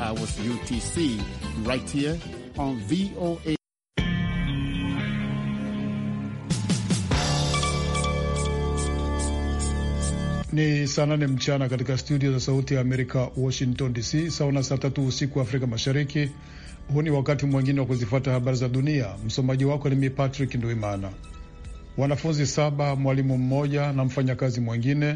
hours UTC right here on VOA. Ni saa nane mchana katika studio za Sauti ya Amerika, Washington DC, sawa na saa tatu usiku wa Afrika Mashariki. Huu ni wakati mwingine wa kuzifuata habari za dunia. Msomaji wako ni mimi Patrick Nduimana. Wanafunzi saba, mwalimu mmoja na mfanyakazi mwingine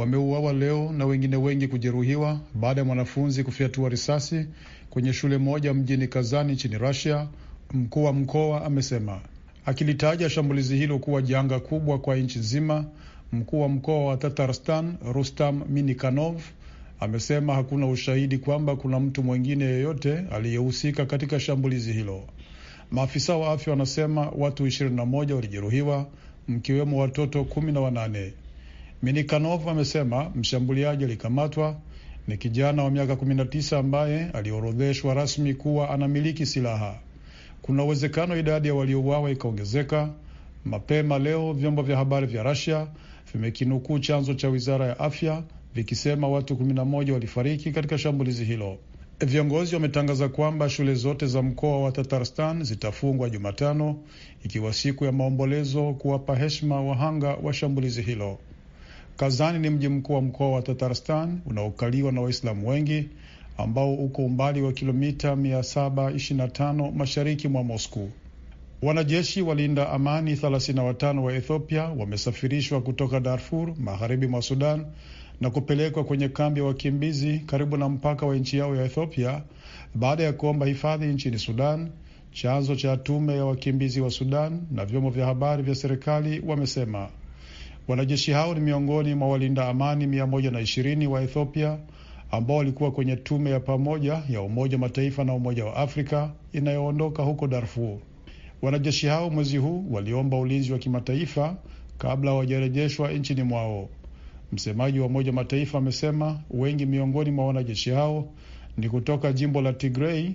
wameuawa leo na wengine wengi kujeruhiwa baada ya mwanafunzi kufyatua risasi kwenye shule moja mjini Kazani nchini Russia, mkuu wa mkoa amesema, akilitaja shambulizi hilo kuwa janga kubwa kwa nchi nzima. Mkuu wa mkoa wa Tatarstan Rustam Minikanov amesema hakuna ushahidi kwamba kuna mtu mwingine yeyote aliyehusika katika shambulizi hilo. Maafisa wa afya wanasema watu 21 walijeruhiwa mkiwemo watoto kumi na wanane. Minikanov amesema mshambuliaji alikamatwa ni kijana wa miaka 19 ambaye aliorodheshwa rasmi kuwa anamiliki silaha. Kuna uwezekano idadi ya waliouawa ikaongezeka. Mapema leo vyombo vya habari vya Russia vimekinukuu chanzo cha wizara ya afya vikisema watu 11 walifariki katika shambulizi hilo. Viongozi wametangaza kwamba shule zote za mkoa wa Tatarstan zitafungwa Jumatano, ikiwa siku ya maombolezo kuwapa heshima wahanga wa shambulizi hilo. Kazani ni mji mkuu wa mkoa wa Tatarstan unaokaliwa na Waislamu wengi ambao uko umbali wa kilomita 725 mashariki mwa Moscow. Wanajeshi walinda amani 35 wa Ethiopia wamesafirishwa kutoka Darfur magharibi mwa Sudan na kupelekwa kwenye kambi ya wakimbizi karibu na mpaka wa nchi yao ya Ethiopia baada ya kuomba hifadhi nchini Sudan. Chanzo cha tume ya wakimbizi wa Sudan na vyombo vya habari vya serikali wamesema Wanajeshi hao ni miongoni mwa walinda amani mia moja na ishirini wa Ethiopia ambao walikuwa kwenye tume ya pamoja ya Umoja Mataifa na Umoja wa Afrika inayoondoka huko Darfur. Wanajeshi hao mwezi huu waliomba ulinzi wa kimataifa kabla hawajarejeshwa nchini mwao. Msemaji wa Umoja Mataifa amesema wengi miongoni mwa wanajeshi hao ni kutoka jimbo la Tigrei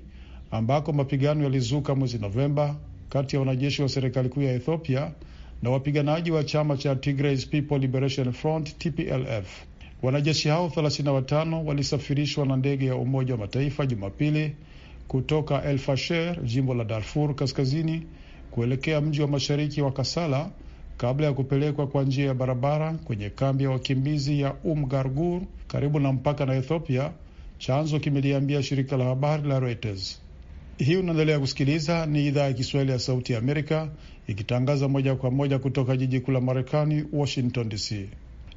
ambako mapigano yalizuka mwezi Novemba kati ya wanajeshi wa serikali kuu ya Ethiopia na wapiganaji wa chama cha Tigray People Liberation Front TPLF. Wanajeshi hao 35 walisafirishwa na ndege ya Umoja wa Mataifa Jumapili kutoka El Fasher, jimbo la Darfur Kaskazini, kuelekea mji wa mashariki wa Kasala kabla ya kupelekwa kwa njia ya barabara kwenye kambi ya wakimbizi ya Umgargur karibu na mpaka na Ethiopia, chanzo kimeliambia shirika la habari la Reuters. Hii unaendelea kusikiliza ni idhaa ya Kiswahili ya Sauti ya Amerika ikitangaza moja kwa moja kutoka jiji kuu la Marekani, Washington DC.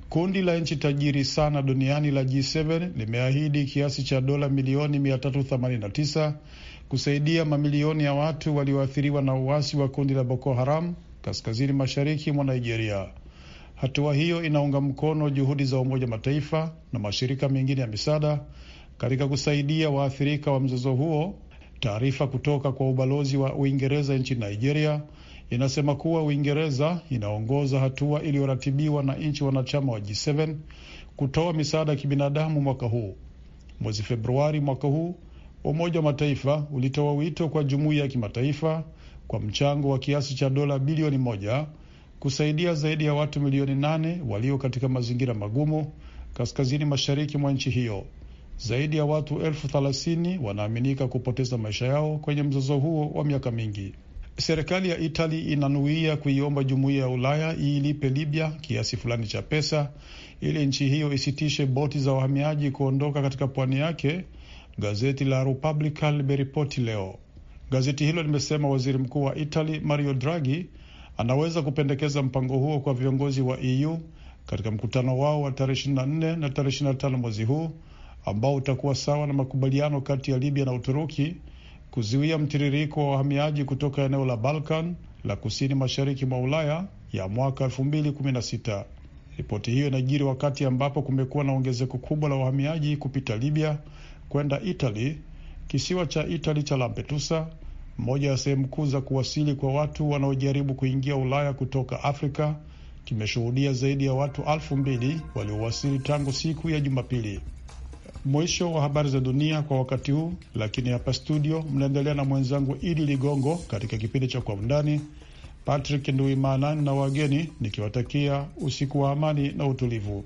Kundi la nchi tajiri sana duniani la G7 limeahidi kiasi cha dola milioni 389 kusaidia mamilioni ya watu walioathiriwa na uasi wa kundi la Boko Haram kaskazini mashariki mwa Nigeria. Hatua hiyo inaunga mkono juhudi za Umoja Mataifa na mashirika mengine ya misaada katika kusaidia waathirika wa mzozo huo Taarifa kutoka kwa ubalozi wa Uingereza nchini Nigeria inasema kuwa Uingereza inaongoza hatua iliyoratibiwa na nchi wanachama wa G7 kutoa misaada ya kibinadamu mwaka huu. Mwezi Februari mwaka huu Umoja wa Mataifa ulitoa wito kwa jumuiya ya kimataifa kwa mchango wa kiasi cha dola bilioni moja kusaidia zaidi ya watu milioni nane walio katika mazingira magumu kaskazini mashariki mwa nchi hiyo. Zaidi ya watu elfu thelathini wanaaminika kupoteza maisha yao kwenye mzozo huo wa miaka mingi. Serikali ya Itali inanuia kuiomba jumuiya ya Ulaya iilipe Libya kiasi fulani cha pesa ili nchi hiyo isitishe boti za wahamiaji kuondoka katika pwani yake, gazeti la Repubblica limeripoti leo. Gazeti hilo limesema waziri mkuu wa Itali Mario Draghi anaweza kupendekeza mpango huo kwa viongozi wa EU katika mkutano wao wa tarehe 24 na tarehe 25 mwezi huu ambao utakuwa sawa na makubaliano kati ya Libya na Uturuki kuzuia mtiririko wa wahamiaji kutoka eneo la Balkan la kusini mashariki mwa Ulaya ya mwaka 2016. Ripoti hiyo inajiri wakati ambapo kumekuwa na ongezeko kubwa la wahamiaji kupita Libya kwenda Itali. Kisiwa cha Itali cha Lampedusa, moja ya sehemu kuu za kuwasili kwa watu wanaojaribu kuingia Ulaya kutoka Afrika, kimeshuhudia zaidi ya watu elfu mbili waliowasili tangu siku ya Jumapili. Mwisho wa habari za dunia kwa wakati huu, lakini hapa studio mnaendelea na mwenzangu Idi Ligongo katika kipindi cha Kwa Undani. Patrick Nduimana na wageni nikiwatakia usiku wa amani na utulivu.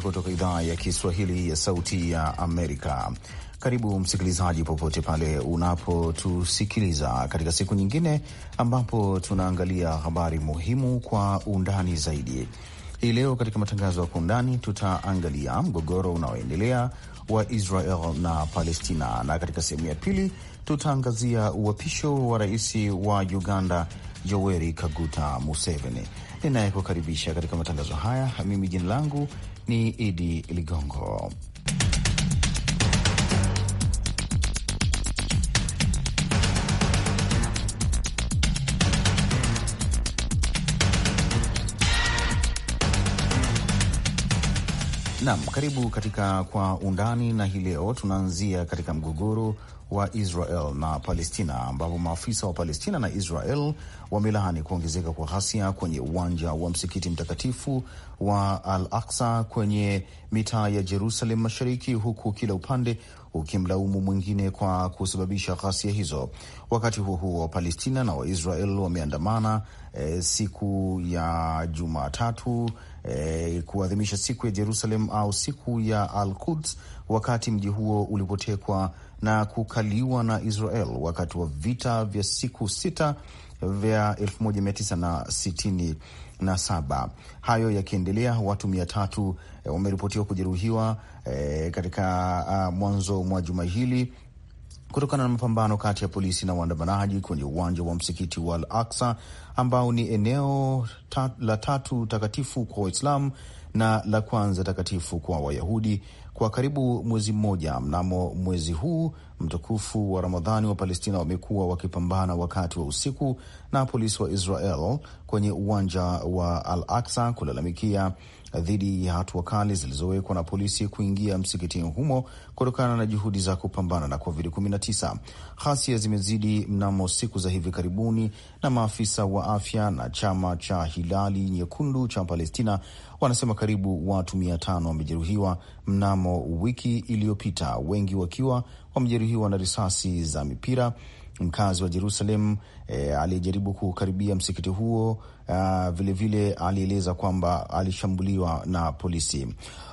kutoka idhaa ya Kiswahili ya Sauti ya Amerika. Karibu msikilizaji, popote pale unapotusikiliza katika siku nyingine ambapo tunaangalia habari muhimu kwa undani zaidi. Hii leo katika matangazo ya kwa undani tutaangalia mgogoro unaoendelea wa Israel na Palestina, na katika sehemu ya pili tutaangazia uapisho wa rais wa Uganda Yoweri Kaguta Museveni. Ninayekukaribisha katika matangazo haya mimi jina langu ni Idi Ligongo. Nam, karibu katika Kwa Undani, na hii leo tunaanzia katika mgogoro wa Israel na Palestina, ambapo maafisa wa Palestina na Israel wamelaani kuongezeka kwa ghasia kwenye uwanja wa msikiti mtakatifu wa Al Aksa kwenye mitaa ya Jerusalem Mashariki, huku kila upande ukimlaumu mwingine kwa kusababisha ghasia hizo. Wakati huo huo, Wapalestina na Waisrael wameandamana e, siku ya Jumatatu e, kuadhimisha siku ya Jerusalem au siku ya Al-Quds wakati mji huo ulipotekwa na kukaliwa na Israel wakati wa vita vya siku sita vya 1967. Hayo yakiendelea, watu mia tatu e, wameripotiwa kujeruhiwa e, katika a, mwanzo mwa juma hili kutokana na mapambano kati ya polisi na waandamanaji kwenye uwanja wa msikiti wa Al Aksa ambao ni eneo ta la tatu takatifu kwa Waislamu na la kwanza takatifu kwa Wayahudi kwa karibu mwezi mmoja. Mnamo mwezi huu mtukufu wa Ramadhani, wa Palestina wamekuwa wakipambana wakati wa usiku na polisi wa Israel kwenye uwanja wa Al Aksa kulalamikia dhidi ya hatua kali zilizowekwa na polisi kuingia msikitini humo kutokana na juhudi za kupambana na COVID-19. Ghasia zimezidi mnamo siku za hivi karibuni, na maafisa wa afya na chama cha Hilali Nyekundu cha Palestina wanasema karibu watu mia tano wamejeruhiwa mnamo wiki iliyopita, wengi wakiwa wamejeruhiwa na risasi za mipira mkazi wa Jerusalem e, aliyejaribu kukaribia msikiti huo vilevile ah, alieleza kwamba alishambuliwa na polisi.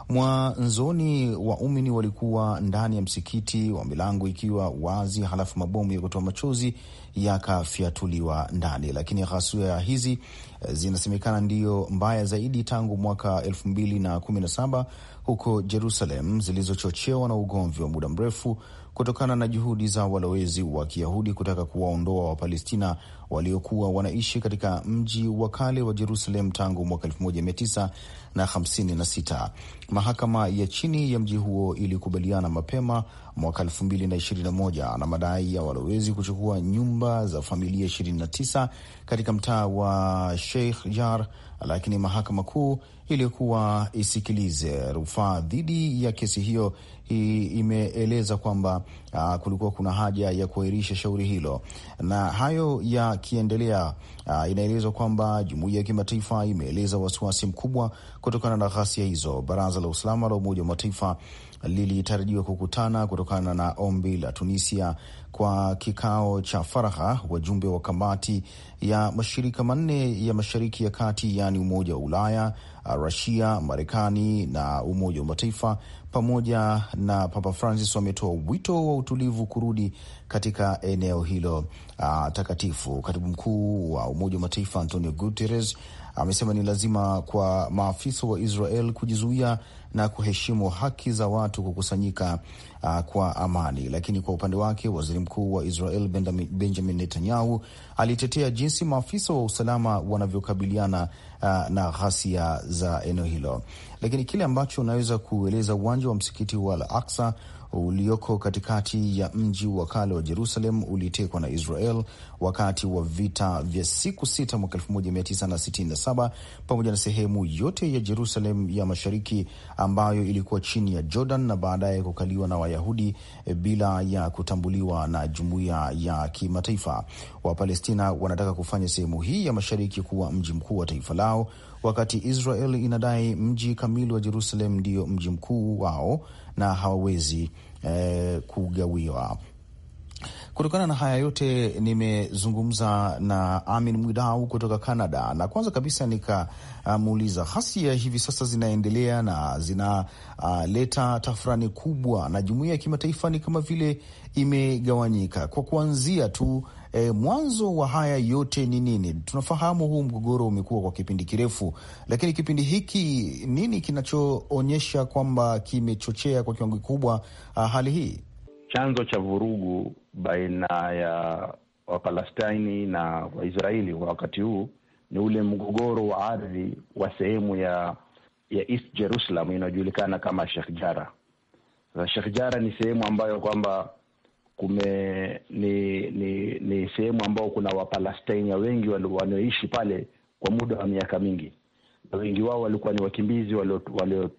Mwanzoni waumini walikuwa ndani ya msikiti wa milango ikiwa wazi, halafu mabomu ya kutoa machozi yakafyatuliwa ndani, lakini ghasia hizi eh, zinasemekana ndiyo mbaya zaidi tangu mwaka elfu mbili na kumi na saba huko Jerusalem, zilizochochewa na ugomvi wa muda mrefu kutokana na juhudi za walowezi wa Kiyahudi kutaka kuwaondoa Wapalestina waliokuwa wanaishi katika mji wa kale wa Jerusalem tangu mwaka 19 na 56. Mahakama ya chini ya mji huo ilikubaliana mapema mwaka 2021 na madai ya walowezi kuchukua nyumba za familia 29 katika mtaa wa Sheikh Jar, lakini mahakama kuu iliyokuwa isikilize rufaa dhidi ya kesi hiyo imeeleza kwamba uh, kulikuwa kuna haja ya kuahirisha shauri hilo. Na hayo yakiendelea, uh, inaelezwa kwamba jumuiya ya kimataifa imeeleza wasiwasi mkubwa kutokana na ghasia hizo. Baraza la usalama la Umoja wa Mataifa lilitarajiwa kukutana kutokana na ombi la Tunisia kwa kikao cha faragha. Wajumbe wa kamati ya mashirika manne ya mashariki ya kati, yaani Umoja wa Ulaya, Rasia, Marekani na Umoja wa Mataifa pamoja na Papa Francis wametoa wito wa utulivu kurudi katika eneo hilo uh, takatifu. Katibu mkuu wa Umoja wa Mataifa Antonio Guterres amesema ni lazima kwa maafisa wa Israel kujizuia na kuheshimu haki za watu kukusanyika uh, kwa amani. Lakini kwa upande wake waziri mkuu wa Israel Benjamin Netanyahu alitetea jinsi maafisa wa usalama wanavyokabiliana uh, na ghasia za eneo hilo. Lakini kile ambacho unaweza kueleza uwanja wa msikiti wa Al Aksa ulioko katikati ya mji wa kale wa Jerusalem ulitekwa na Israel wakati wa vita vya siku sita mwaka 1967 pamoja na sehemu yote ya Jerusalem ya mashariki ambayo ilikuwa chini ya Jordan na baadaye kukaliwa na Wayahudi eh, bila ya kutambuliwa na jumuiya ya kimataifa. Wapalestina wanataka kufanya sehemu hii ya mashariki kuwa mji mkuu wa taifa lao, wakati Israel inadai mji kamili wa Jerusalem ndiyo mji mkuu wao na hawawezi eh, kugawiwa. Kutokana na haya yote, nimezungumza na Amin Mwidau kutoka Canada, na kwanza kabisa nikamuuliza, ghasia hivi sasa zinaendelea na zinaleta ah, uh, tafurani kubwa, na jumuiya ya kimataifa ni kama vile imegawanyika. Kwa kuanzia tu E, mwanzo wa haya yote ni nini? Tunafahamu huu mgogoro umekuwa kwa kipindi kirefu, lakini kipindi hiki nini kinachoonyesha kwamba kimechochea kwa kiwango kikubwa hali hii? Chanzo cha vurugu baina ya Wapalestini na Waisraeli kwa wakati huu ni ule mgogoro wa ardhi wa sehemu ya ya East Jerusalem inayojulikana kama Sheikh Jarrah. Sasa Sheikh Jarrah ni sehemu ambayo kwamba kume ni ni, ni sehemu ambao kuna Wapalestina wengi wanaoishi pale kwa muda wa miaka mingi, na wengi wao walikuwa ni wakimbizi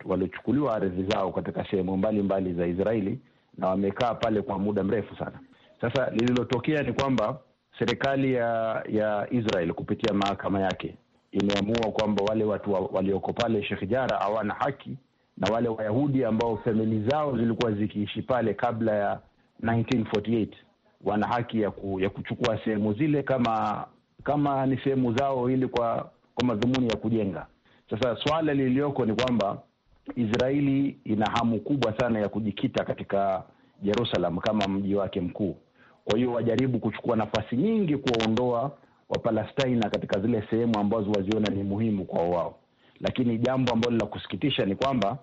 waliochukuliwa ardhi zao katika sehemu mbalimbali za Israeli na wamekaa pale kwa muda mrefu sana. Sasa lililotokea ni kwamba serikali ya ya Israel kupitia mahakama yake imeamua kwamba wale watu wa, walioko pale Sheikh Jarrah hawana haki na wale Wayahudi ambao famili zao zilikuwa zikiishi pale kabla ya 1948 wana haki ya, ku, ya kuchukua sehemu zile kama kama ni sehemu zao ili kwa kwa madhumuni ya kujenga. Sasa swala lililoko ni kwamba Israeli ina hamu kubwa sana ya kujikita katika Jerusalem kama mji wake mkuu. Kwa hiyo wajaribu kuchukua nafasi nyingi kuwaondoa Wapalestina katika zile sehemu ambazo waziona ni muhimu kwa wao, lakini jambo ambalo la kusikitisha ni kwamba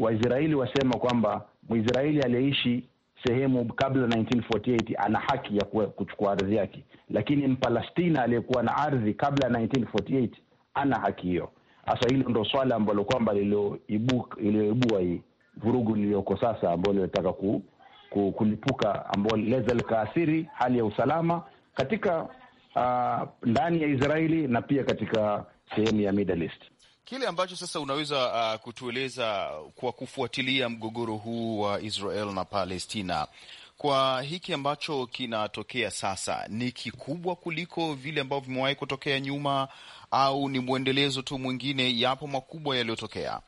Waisraeli wasema kwamba Mwisraeli aliyeishi sehemu kabla 1948 ana haki ya kuchukua ardhi yake, lakini Mpalestina aliyekuwa na ardhi kabla 1948 ana haki hiyo. Sasa hilo ndo swala ambalo kwamba liliyoibua hii vurugu liliyoko sasa, ambayo linataka ku, ku, kulipuka ambayo linaweza likaathiri hali ya usalama katika uh, ndani ya Israeli na pia katika sehemu ya Middle East. Kile ambacho sasa unaweza uh, kutueleza kwa kufuatilia mgogoro huu wa Israel na Palestina, kwa hiki ambacho kinatokea sasa, ni kikubwa kuliko vile ambavyo vimewahi kutokea nyuma, au ni mwendelezo tu mwingine? Yapo makubwa yaliyotokea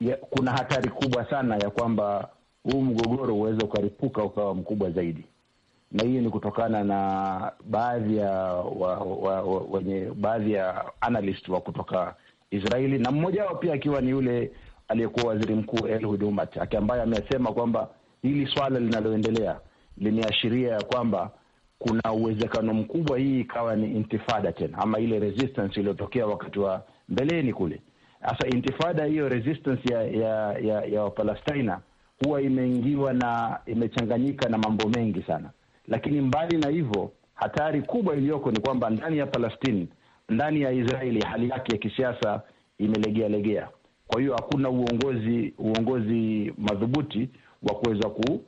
ya, kuna hatari kubwa sana ya kwamba huu mgogoro huweza ukaripuka ukawa mkubwa zaidi, na hiyo ni kutokana na baadhi ya wa, wa, wa, wenye baadhi ya analyst wa kutoka Israeli, na mmoja wao pia akiwa ni yule aliyekuwa waziri mkuu El Hudumat, ambaye amesema kwamba hili swala linaloendelea limeashiria ya kwamba kuna uwezekano mkubwa hii ikawa ni intifada tena, ama ile resistance iliyotokea wakati wa mbeleni kule. Sasa intifada hiyo, resistance ya ya ya, ya Wapalestina huwa imeingiwa na imechanganyika na mambo mengi sana, lakini mbali na hivyo hatari kubwa iliyoko ni kwamba ndani ya Palestina ndani ya Israeli hali yake ya kisiasa imelegea legea. Kwa hiyo hakuna uongozi uongozi madhubuti wa kuweza ku,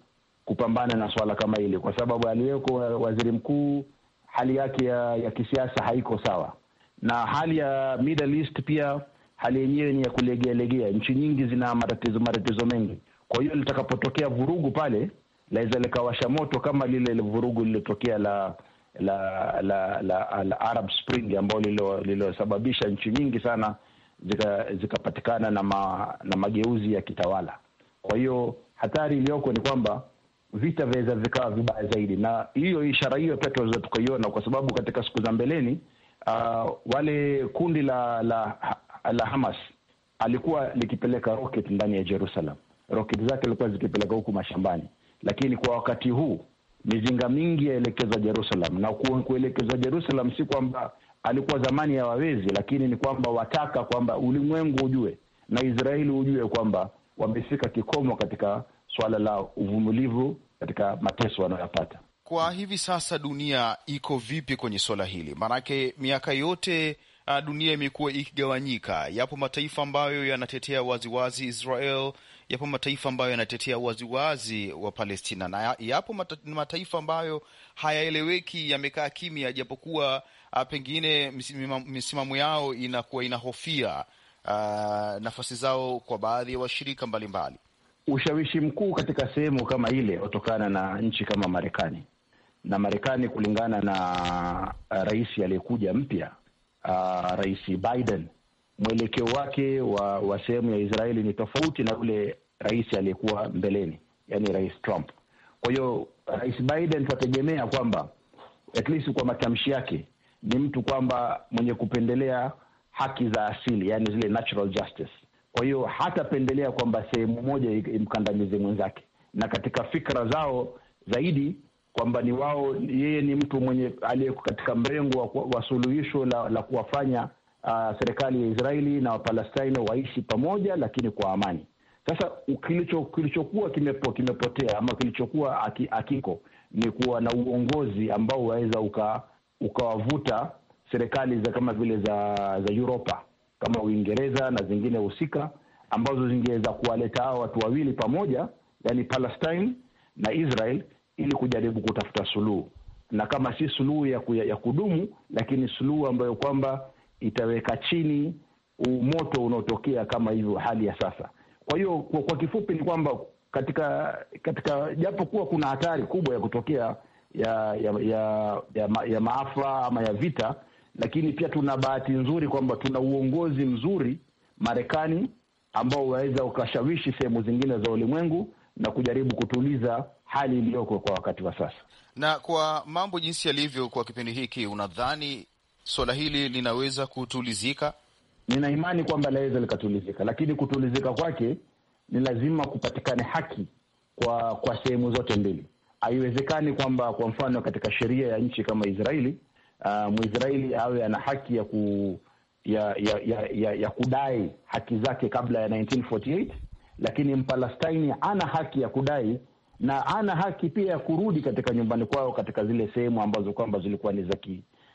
kupambana na swala kama hili, kwa sababu aliyeko waziri mkuu hali yake ya, ya kisiasa haiko sawa, na hali ya Middle East pia hali yenyewe ni ya kulegea legea. Nchi nyingi zina matatizo matatizo mengi, kwa hiyo litakapotokea vurugu pale laweza likawasha moto kama lile vurugu lilitokea la la la, la, la Arab Spring ambao lililosababisha nchi nyingi sana zikapatikana zika na, ma, na mageuzi ya kitawala. Kwa hiyo hatari iliyoko ni kwamba vita vinaweza vikawa vibaya zaidi, na hiyo ishara hiyo pia tunaweza tukaiona, kwa sababu katika siku za mbeleni uh, wale kundi la, la, la Hamas alikuwa likipeleka ndani ya Jerusalem, zake zilikuwa zikipeleka huku mashambani, lakini kwa wakati huu mizinga mingi yaelekeza Jerusalem, na kuelekeza Jerusalem si kwamba alikuwa zamani ya wawezi lakini ni kwamba wataka kwamba ulimwengu ujue na Israeli ujue kwamba wamefika kikomo katika swala la uvumilivu katika mateso wanayopata. Kwa hivi sasa dunia iko vipi kwenye swala hili? Maanake miaka yote uh, dunia imekuwa ikigawanyika. Yapo mataifa ambayo yanatetea waziwazi Israel yapo mataifa ambayo yanatetea waziwazi wa Palestina na yapo mataifa ambayo hayaeleweki, yamekaa kimya, japokuwa ah, pengine misimamo yao inakuwa inahofia uh, nafasi zao kwa baadhi ya wa washirika mbalimbali. Ushawishi mkuu katika sehemu kama ile hutokana na nchi kama Marekani na Marekani, kulingana na ah, rais aliyekuja mpya, uh, Rais Biden mwelekeo wake wa, wa sehemu ya Israeli ni tofauti na ule rais aliyekuwa mbeleni, yani rais Trump. Kwa hiyo rais Biden tategemea kwamba at least kwa matamshi yake ni mtu kwamba mwenye kupendelea haki za asili, yani zile natural justice. Kwa hiyo hatapendelea kwamba sehemu moja imkandamize mwenzake, na katika fikra zao zaidi kwamba ni wao, yeye ni mtu mwenye aliyeko katika mrengo wa, wa suluhisho la, la kuwafanya uh, serikali ya Israeli na Wapalestina waishi pamoja, lakini kwa amani. Sasa kilichokuwa kimepo, kimepotea ama kilichokuwa akiko ni kuwa na uongozi ambao waweza uka, ukawavuta serikali za kama vile za za Uropa kama Uingereza na zingine husika ambazo zingeweza kuwaleta hao watu wawili pamoja, yani Palestine na Israel ili kujaribu kutafuta suluhu, na kama si suluhu ya, ya kudumu, lakini suluhu ambayo kwamba itaweka chini moto unaotokea kama hivyo hali ya sasa. Kwa hiyo kwa, kwa kifupi ni kwamba katika katika kuwa kuna hatari kubwa ya kutokea ya ya, ya, ya, ma, ya maafa ama ya vita, lakini pia tuna bahati nzuri kwamba tuna uongozi mzuri Marekani ambao unaweza ukashawishi sehemu zingine za ulimwengu na kujaribu kutuliza hali iliyoko kwa wakati wa sasa. Na kwa mambo jinsi yalivyo kwa kipindi hiki, unadhani suala hili linaweza kutulizika? Nina imani kwamba linaweza likatulizika, lakini kutulizika kwake ni lazima kupatikane haki kwa kwa sehemu zote mbili. Haiwezekani kwamba kwa mfano katika sheria ya nchi kama Israeli, uh, Mwisraeli awe ana haki ya, ku, ya, ya, ya, ya, ya kudai haki zake kabla ya 1948 lakini Mpalastini ana haki ya kudai na ana haki pia ya kurudi katika nyumbani kwao katika zile sehemu ambazo kwamba zilikuwa ni za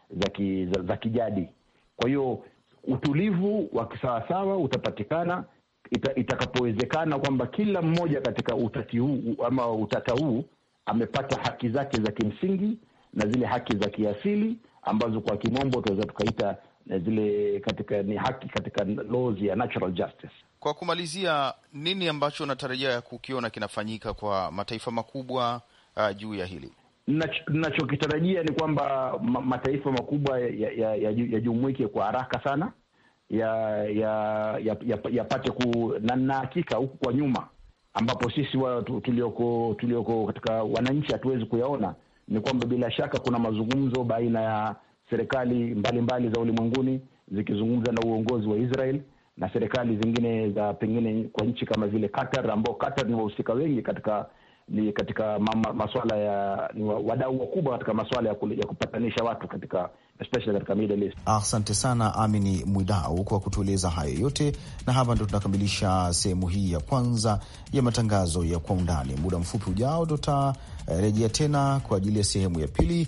za, ki, za, za kijadi. Kwa hiyo utulivu wa kisawasawa utapatikana ita, itakapowezekana kwamba kila mmoja katika utati huu ama utata huu amepata haki zake za kimsingi na zile haki za kiasili ambazo kwa kimombo tunaweza tukaita eh, zile katika ni haki katika laws ya natural justice. Kwa kumalizia, nini ambacho natarajia kukiona kinafanyika kwa mataifa makubwa uh, juu ya hili? Nachokitarajia ni kwamba mataifa makubwa yajumuike ya, ya, ya kwa haraka sana yapate ya, ya, ya, ya ku na hakika huku kwa nyuma ambapo sisi wao tulioko tulioko katika wananchi hatuwezi kuyaona, ni kwamba bila shaka kuna mazungumzo baina ya serikali mbalimbali mbali za ulimwenguni zikizungumza na uongozi wa Israel na serikali zingine za pengine kwa nchi kama vile Qatar, ambao Qatar ni wahusika wengi katika ni katika maswala ya ni wadau wakubwa katika maswala ya, ya kupatanisha watu katika especially katika Middle East. Asante sana Amini Mwidau kwa kutueleza hayo yote, na hapa ndo tunakamilisha sehemu hii ya kwanza ya matangazo ya kwa undani. Muda mfupi ujao tutarejea tena kwa ajili ya sehemu ya pili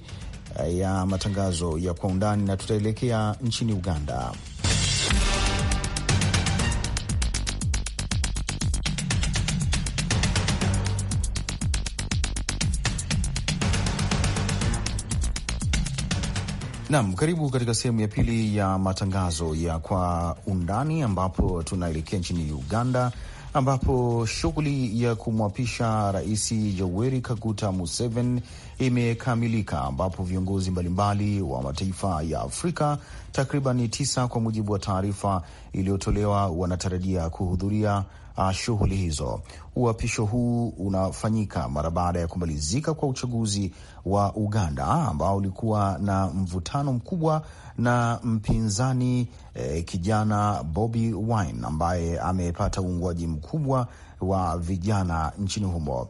eh, ya matangazo ya kwa undani na tutaelekea nchini Uganda. Naam, karibu katika sehemu ya pili ya matangazo ya kwa undani ambapo tunaelekea nchini Uganda ambapo shughuli ya kumwapisha Rais Yoweri Kaguta Museveni imekamilika ambapo viongozi mbalimbali wa mataifa ya Afrika takriban tisa, kwa mujibu wa taarifa iliyotolewa, wanatarajia kuhudhuria uh, shughuli hizo. Uapisho huu unafanyika mara baada ya kumalizika kwa uchaguzi wa Uganda ambao ulikuwa na mvutano mkubwa na mpinzani eh, kijana Bobi Wine ambaye amepata uungwaji mkubwa wa vijana nchini humo.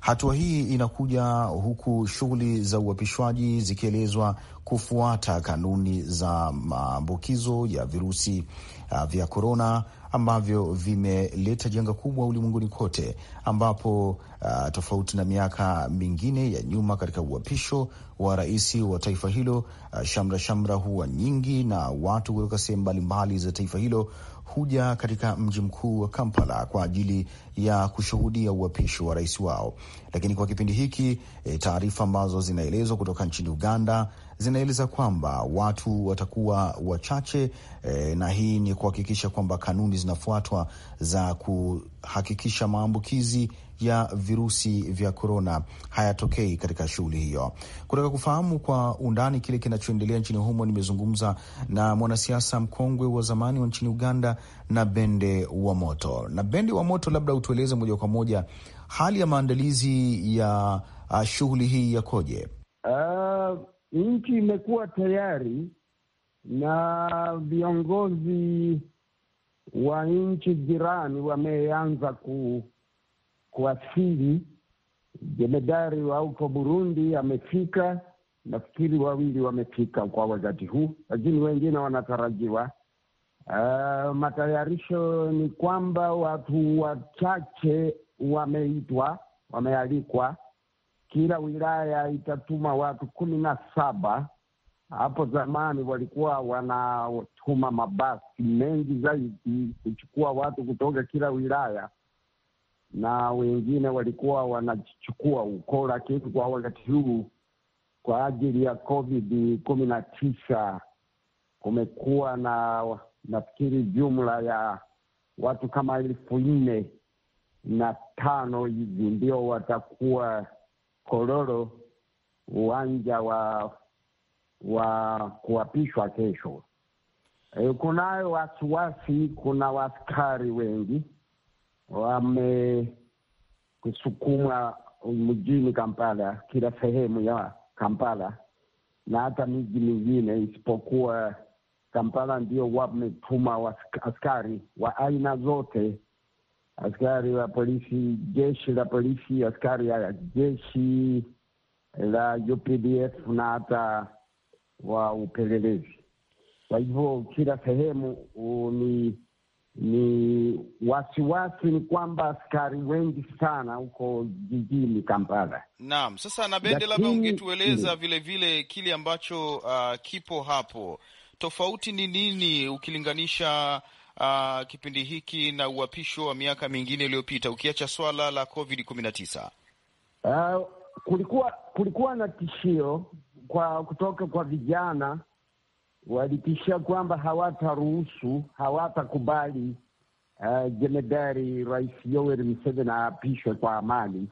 Hatua hii inakuja huku shughuli za uapishwaji zikielezwa kufuata kanuni za maambukizo ya virusi uh, vya korona ambavyo vimeleta janga kubwa ulimwenguni kote, ambapo uh, tofauti na miaka mingine ya nyuma, katika uapisho wa rais wa taifa hilo uh, shamra shamra huwa nyingi na watu kutoka sehemu mbalimbali za taifa hilo huja katika mji mkuu wa Kampala kwa ajili ya kushuhudia uapisho wa rais wao. Lakini kwa kipindi hiki e, taarifa ambazo zinaelezwa kutoka nchini Uganda zinaeleza kwamba watu watakuwa wachache e, na hii ni kuhakikisha kwamba kanuni zinafuatwa za kuhakikisha maambukizi ya virusi vya korona hayatokei katika shughuli hiyo. Kutaka kufahamu kwa undani kile kinachoendelea nchini humo, nimezungumza na mwanasiasa mkongwe wa zamani wa nchini Uganda na Bende wa Moto. Na Bende wa Moto, labda utueleze moja kwa moja hali ya maandalizi ya uh, shughuli hii yakoje? Uh, nchi imekuwa tayari na viongozi wa nchi jirani wameanza ku kuwasili. Jemedari wa huko Burundi amefika, nafikiri wawili wamefika kwa wakati huu, lakini wengine wanatarajiwa. Uh, matayarisho ni kwamba watu wachache wameitwa, wamealikwa. Kila wilaya itatuma watu kumi na saba. Hapo zamani walikuwa wanatuma mabasi mengi zaidi kuchukua watu kutoka kila wilaya na wengine walikuwa wanachukua huko lakini kwa wakati huu kwa ajili ya COVID kumi na tisa kumekuwa na nafikiri jumla ya watu kama elfu nne na tano hivi ndio watakuwa Kololo uwanja wa wa kuapishwa kesho. E, kunayo wasiwasi, kuna waskari wengi wamesukumwa mjini Kampala, kila sehemu ya Kampala na hata miji mingine isipokuwa Kampala ndio wametuma askari wa aina zote, askari wa polisi, jeshi la polisi, askari ya jeshi la UPDF na hata wa upelelezi. Kwa hivyo kila sehemu ni ni wasiwasi ni kwamba askari wengi sana huko jijini Kampala. Naam, sasa Nabende, labda ungetueleza mm. vile vile kile ambacho uh, kipo hapo, tofauti ni nini ukilinganisha uh, kipindi hiki na uhapisho wa miaka mingine iliyopita, ukiacha swala la Covid kumi na tisa? Uh, kulikuwa kulikuwa na tishio kwa kutoka kwa vijana walitishia kwamba hawataruhusu, hawatakubali uh, jemedari Rais Yoweri Museveni aapishwe kwa amani,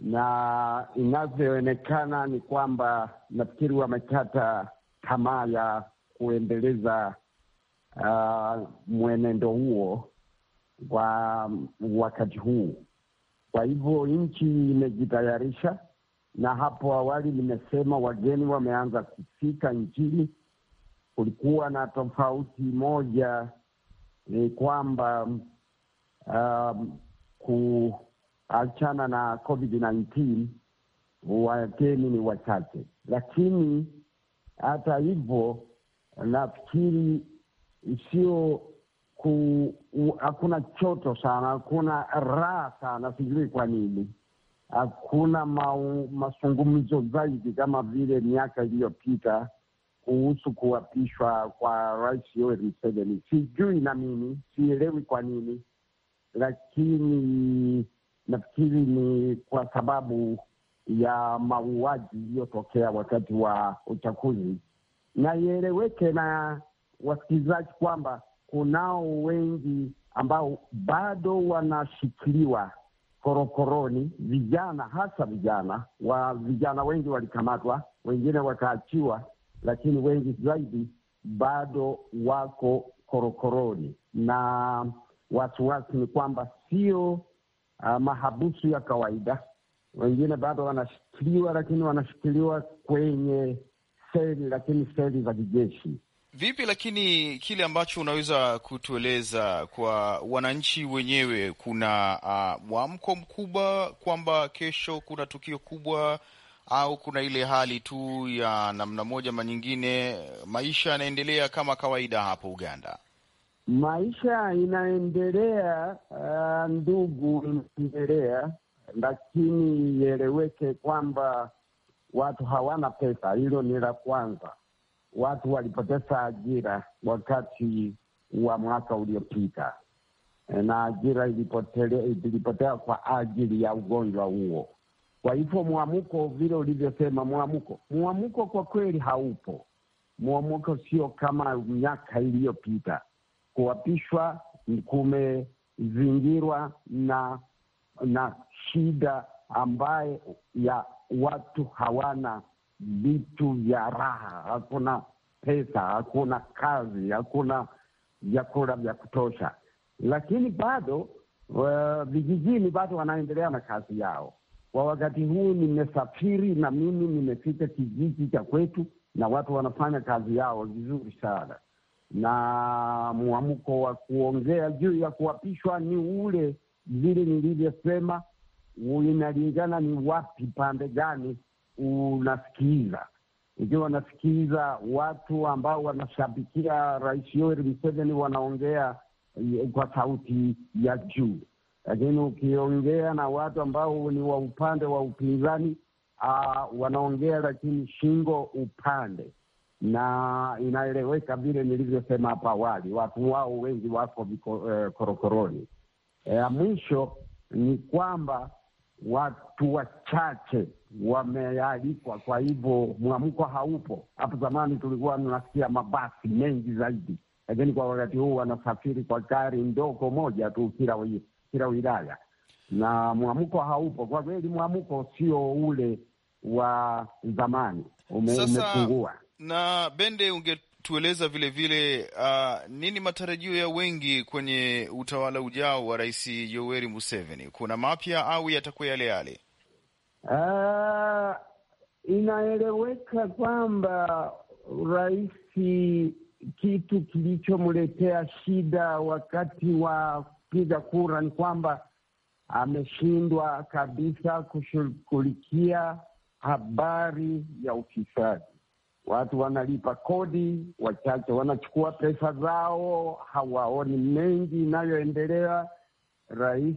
na inavyoonekana ni kwamba nafikiri wamekata tamaa ya kuendeleza uh, mwenendo huo kwa wakati huu. Kwa hivyo nchi imejitayarisha, na hapo awali nimesema wageni wameanza kufika nchini kulikuwa na tofauti moja, ni kwamba um, kuachana na COVID-19 wageni ni wachache, lakini hata hivyo nafikiri sio hakuna choto sana, hakuna raha sana, sijui kwa nini hakuna mazungumzo zaidi kama vile miaka iliyopita kuhusu kuapishwa kwa Rais Yoweri Museveni. Sijui na mimi sielewi kwa nini, lakini nafikiri ni kwa sababu ya mauaji iliyotokea wakati wa uchaguzi. Na ieleweke na wasikilizaji kwamba kunao wengi ambao bado wanashikiliwa korokoroni, vijana hasa vijana wa vijana wengi walikamatwa, wengine wakaachiwa lakini wengi zaidi bado wako korokoroni, na wasiwasi ni kwamba sio uh, mahabusu ya kawaida. Wengine bado wanashikiliwa, lakini wanashikiliwa kwenye seli, lakini seli za kijeshi. Vipi lakini kile ambacho unaweza kutueleza kwa wananchi wenyewe, kuna uh, mwamko mkubwa kwamba kesho kuna tukio kubwa au kuna ile hali tu ya namna moja ma nyingine, maisha yanaendelea kama kawaida hapo Uganda? Maisha inaendelea, uh, ndugu, inaendelea, lakini ieleweke kwamba watu hawana pesa. Hilo ni la kwanza. Watu walipoteza ajira wakati wa mwaka uliopita, eh, na ajira ilipotea kwa ajili ya ugonjwa huo. Kwa hivyo mwamko, vile ulivyosema, mwamko mwamko kwa kweli haupo. Mwamko sio kama miaka iliyopita. Kuapishwa kumezingirwa na na shida ambaye ya watu hawana vitu vya raha, hakuna pesa, hakuna kazi, hakuna vyakula vya kutosha, lakini bado eh, vijijini, uh, bado wanaendelea na kazi yao kwa wakati huu nimesafiri na mimi nimefika kijiji cha kwetu, na watu wanafanya kazi yao vizuri sana, na mwamko wa kuongea juu ya kuapishwa ni ule vile nilivyosema, inalingana ni wapi, pande gani unasikiliza. Ikiwa unasikiliza watu ambao wanashabikia Rais Yoweri Museveni wanaongea kwa sauti ya juu lakini ukiongea na watu ambao ni wa upande wa upinzani ah, wanaongea lakini shingo upande, na inaeleweka vile nilivyosema hapo awali, watu wao wengi wako eh, korokoroni. Eh, ya mwisho ni kwamba watu wachache wamealikwa, kwa hivyo mwamko haupo. Hapo zamani tulikuwa tunasikia mabasi mengi zaidi, lakini kwa wakati huu wanasafiri kwa gari ndogo moja tu kila wiki kila wilaya, na mwamko haupo kwa kweli. Mwamko sio ule wa zamani, ume, umepungua. Na Bende, ungetueleza vilevile uh, nini matarajio ya wengi kwenye utawala ujao wa Rais Yoweri Museveni? Kuna mapya au yatakuwa yale yale? Uh, inaeleweka kwamba rais kitu kilichomletea shida wakati wa kupiga kura ni kwamba ameshindwa kabisa kushughulikia habari ya ufisadi. Watu wanalipa kodi, wachache wanachukua pesa zao, hawaoni mengi inayoendelea. Rais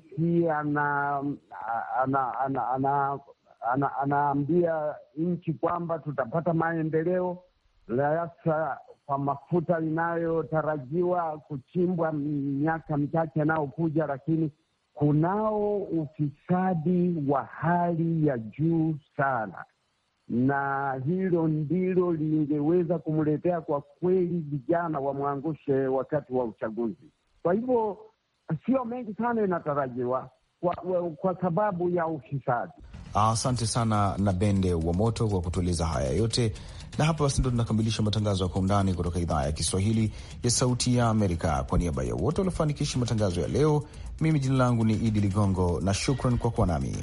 anaambia nchi kwamba tutapata maendeleo, sasa kwa mafuta inayotarajiwa kuchimbwa miaka michache yanayokuja, lakini kunao ufisadi wa hali ya juu sana, na hilo ndilo lingeweza kumletea kwa kweli vijana wamwangushe wakati wa uchaguzi. Kwa hivyo sio mengi sana inatarajiwa kwa, kwa sababu ya ufisadi. Ah, asante sana na Bende wa Moto kwa kutueleza haya yote na hapa basi ndo tunakamilisha matangazo ya Kwa Undani kutoka idhaa ya Kiswahili ya Sauti ya Amerika. Kwa niaba ya wote waliofanikisha matangazo ya leo, mimi jina langu ni Idi Ligongo na shukran kwa kuwa nami.